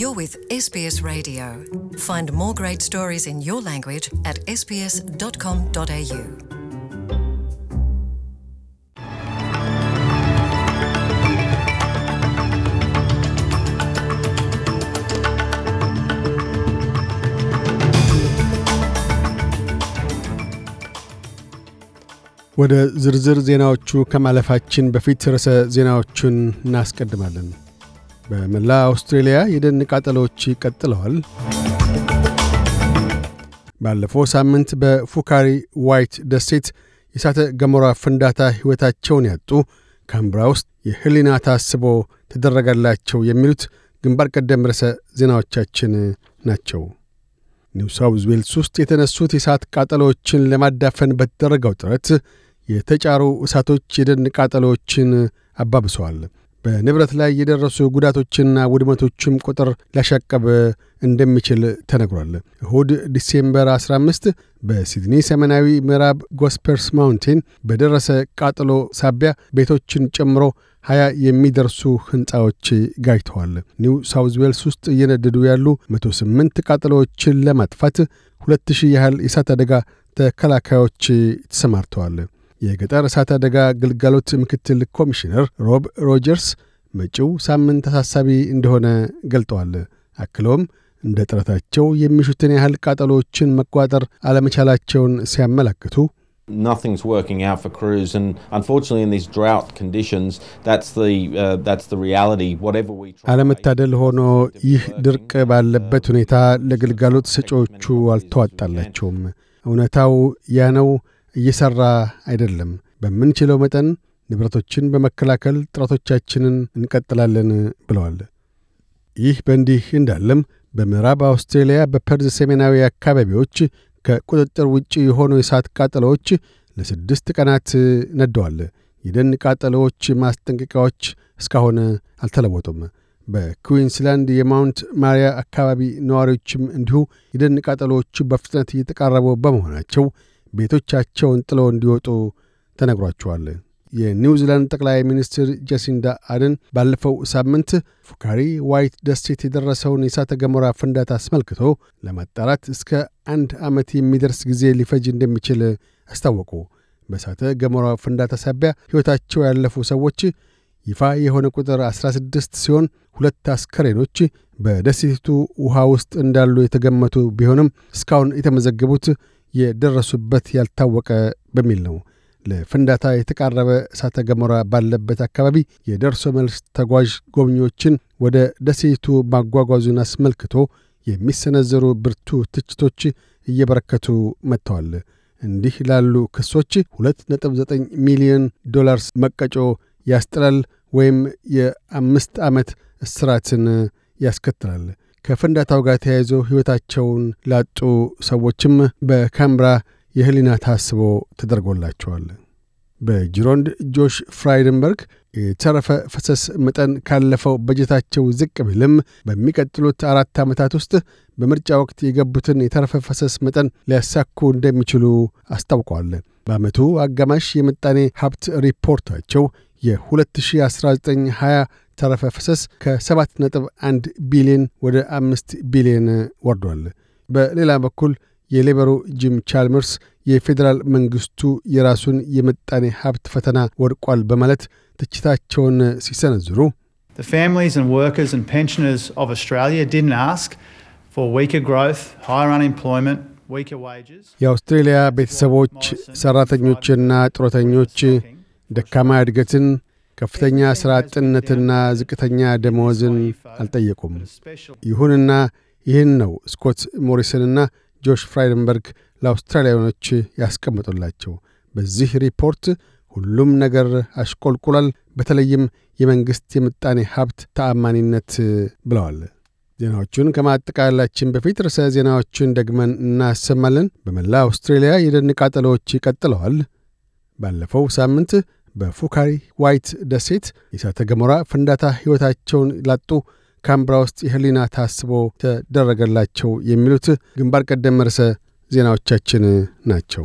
You're with SBS Radio. Find more great stories in your language at sbs.com.au. ወደ ዝርዝር ዜናዎቹ ከማለፋችን በፊት ርዕሰ ዜናዎቹን እናስቀድማለን። በመላ አውስትሬልያ የደን ቃጠሎዎች ቀጥለዋል። ባለፈው ሳምንት በፉካሪ ዋይት ደሴት የእሳተ ገሞራ ፍንዳታ ሕይወታቸውን ያጡ ካምብራ ውስጥ የህሊና ታስቦ ተደረገላቸው የሚሉት ግንባር ቀደም ርዕሰ ዜናዎቻችን ናቸው። ኒው ሳውዝ ዌልስ ውስጥ የተነሱት የእሳት ቃጠሎዎችን ለማዳፈን በተደረገው ጥረት የተጫሩ እሳቶች የደን ቃጠሎዎችን አባብሰዋል። በንብረት ላይ የደረሱ ጉዳቶችና ውድመቶችም ቁጥር ሊያሻቀብ እንደሚችል ተነግሯል። እሁድ ዲሴምበር 15 በሲድኒ ሰሜናዊ ምዕራብ ጎስፐርስ ማውንቴን በደረሰ ቃጠሎ ሳቢያ ቤቶችን ጨምሮ ሀያ የሚደርሱ ሕንፃዎች ጋጅተዋል። ኒው ሳውዝ ዌልስ ውስጥ እየነደዱ ያሉ 108 ቃጠሎዎችን ለማጥፋት 2000 ያህል የእሳት አደጋ ተከላካዮች ተሰማርተዋል። የገጠር እሳት አደጋ ግልጋሎት ምክትል ኮሚሽነር ሮብ ሮጀርስ መጪው ሳምንት አሳሳቢ እንደሆነ ገልጠዋል። አክለውም እንደ ጥረታቸው የሚሹትን ያህል ቃጠሎዎችን መቋጠር አለመቻላቸውን ሲያመላክቱ Nothing's working out for crews, and unfortunately, in these drought conditions, that's the uh, that's the reality. Whatever we try. አለመታደል ሆኖ ይህ ድርቅ ባለበት ሁኔታ ለግልጋሎት ሰጪዎቹ አልተዋጣላቸውም። እውነታው ያ ነው። እየሠራ አይደለም። በምንችለው መጠን ንብረቶችን በመከላከል ጥረቶቻችንን እንቀጥላለን ብለዋል። ይህ በእንዲህ እንዳለም በምዕራብ አውስትሬልያ በፐርዝ ሰሜናዊ አካባቢዎች ከቁጥጥር ውጭ የሆኑ የእሳት ቃጠሎዎች ለስድስት ቀናት ነደዋል። የደን ቃጠሎዎች ማስጠንቀቂያዎች እስካሁን አልተለወጡም። በኩዊንስላንድ የማውንት ማሪያ አካባቢ ነዋሪዎችም እንዲሁ የደን ቃጠሎዎቹ በፍጥነት እየተቃረቡ በመሆናቸው ቤቶቻቸውን ጥለው እንዲወጡ ተነግሯቸዋል። የኒውዚላንድ ጠቅላይ ሚኒስትር ጀሲንዳ አደን ባለፈው ሳምንት ፉካሪ ዋይት ደሴት የደረሰውን የእሳተ ገሞራ ፍንዳታ አስመልክቶ ለማጣራት እስከ አንድ ዓመት የሚደርስ ጊዜ ሊፈጅ እንደሚችል አስታወቁ። በእሳተ ገሞራ ፍንዳታ ሳቢያ ሕይወታቸው ያለፉ ሰዎች ይፋ የሆነ ቁጥር 16 ሲሆን ሁለት አስከሬኖች በደሴቲቱ ውሃ ውስጥ እንዳሉ የተገመቱ ቢሆንም እስካሁን የተመዘገቡት የደረሱበት ያልታወቀ በሚል ነው። ለፍንዳታ የተቃረበ እሳተ ገሞራ ባለበት አካባቢ የደርሶ መልስ ተጓዥ ጎብኚዎችን ወደ ደሴቱ ማጓጓዙን አስመልክቶ የሚሰነዘሩ ብርቱ ትችቶች እየበረከቱ መጥተዋል። እንዲህ ላሉ ክሶች 2.9 ሚሊዮን ዶላርስ መቀጮ ያስጥላል ወይም የአምስት ዓመት እስራትን ያስከትላል። ከፍንዳታው ጋር ተያይዞ ሕይወታቸውን ላጡ ሰዎችም በካምብራ የህሊና ታስቦ ተደርጎላቸዋል። በጅሮንድ ጆሽ ፍራይደንበርግ የተረፈ ፈሰስ መጠን ካለፈው በጀታቸው ዝቅ ቢልም በሚቀጥሉት አራት ዓመታት ውስጥ በምርጫ ወቅት የገቡትን የተረፈ ፈሰስ መጠን ሊያሳኩ እንደሚችሉ አስታውቋል። በዓመቱ አጋማሽ የምጣኔ ሀብት ሪፖርታቸው የ2019-20 ተረፈ ፍሰስ ከ7.1 ቢሊዮን ወደ 5 ቢሊዮን ወርዷል። በሌላ በኩል የሌበሩ ጂም ቻልመርስ የፌዴራል መንግሥቱ የራሱን የምጣኔ ሀብት ፈተና ወድቋል በማለት ትችታቸውን ሲሰነዝሩ የአውስትሬልያ ቤተሰቦች፣ ሠራተኞችና ጡረተኞች ደካማ እድገትን ከፍተኛ ሥራ አጥነትና ዝቅተኛ ደመወዝን አልጠየቁም። ይሁንና ይህን ነው ስኮት ሞሪሰንና ጆሽ ፍራይደንበርግ ለአውስትራሊያኖች ያስቀምጡላቸው። በዚህ ሪፖርት ሁሉም ነገር አሽቆልቁሏል፣ በተለይም የመንግሥት የምጣኔ ሀብት ተአማኒነት ብለዋል። ዜናዎቹን ከማጠቃላችን በፊት ርዕሰ ዜናዎቹን ደግመን እናሰማለን። በመላ አውስትሬልያ የደን ቃጠሎዎች ቀጥለዋል። ባለፈው ሳምንት በፉካሪ ዋይት ደሴት የእሳተ ገሞራ ፍንዳታ ሕይወታቸውን ላጡ ካምብራ ውስጥ የህሊና ታስቦ ተደረገላቸው የሚሉት ግንባር ቀደም ርዕሰ ዜናዎቻችን ናቸው።